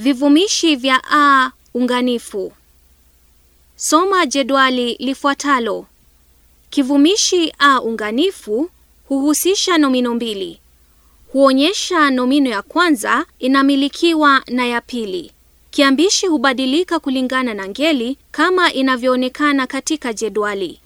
Vivumishi vya a unganifu. Soma jedwali lifuatalo. Kivumishi a unganifu huhusisha nomino mbili. Huonyesha nomino ya kwanza inamilikiwa na ya pili. Kiambishi hubadilika kulingana na ngeli kama inavyoonekana katika jedwali.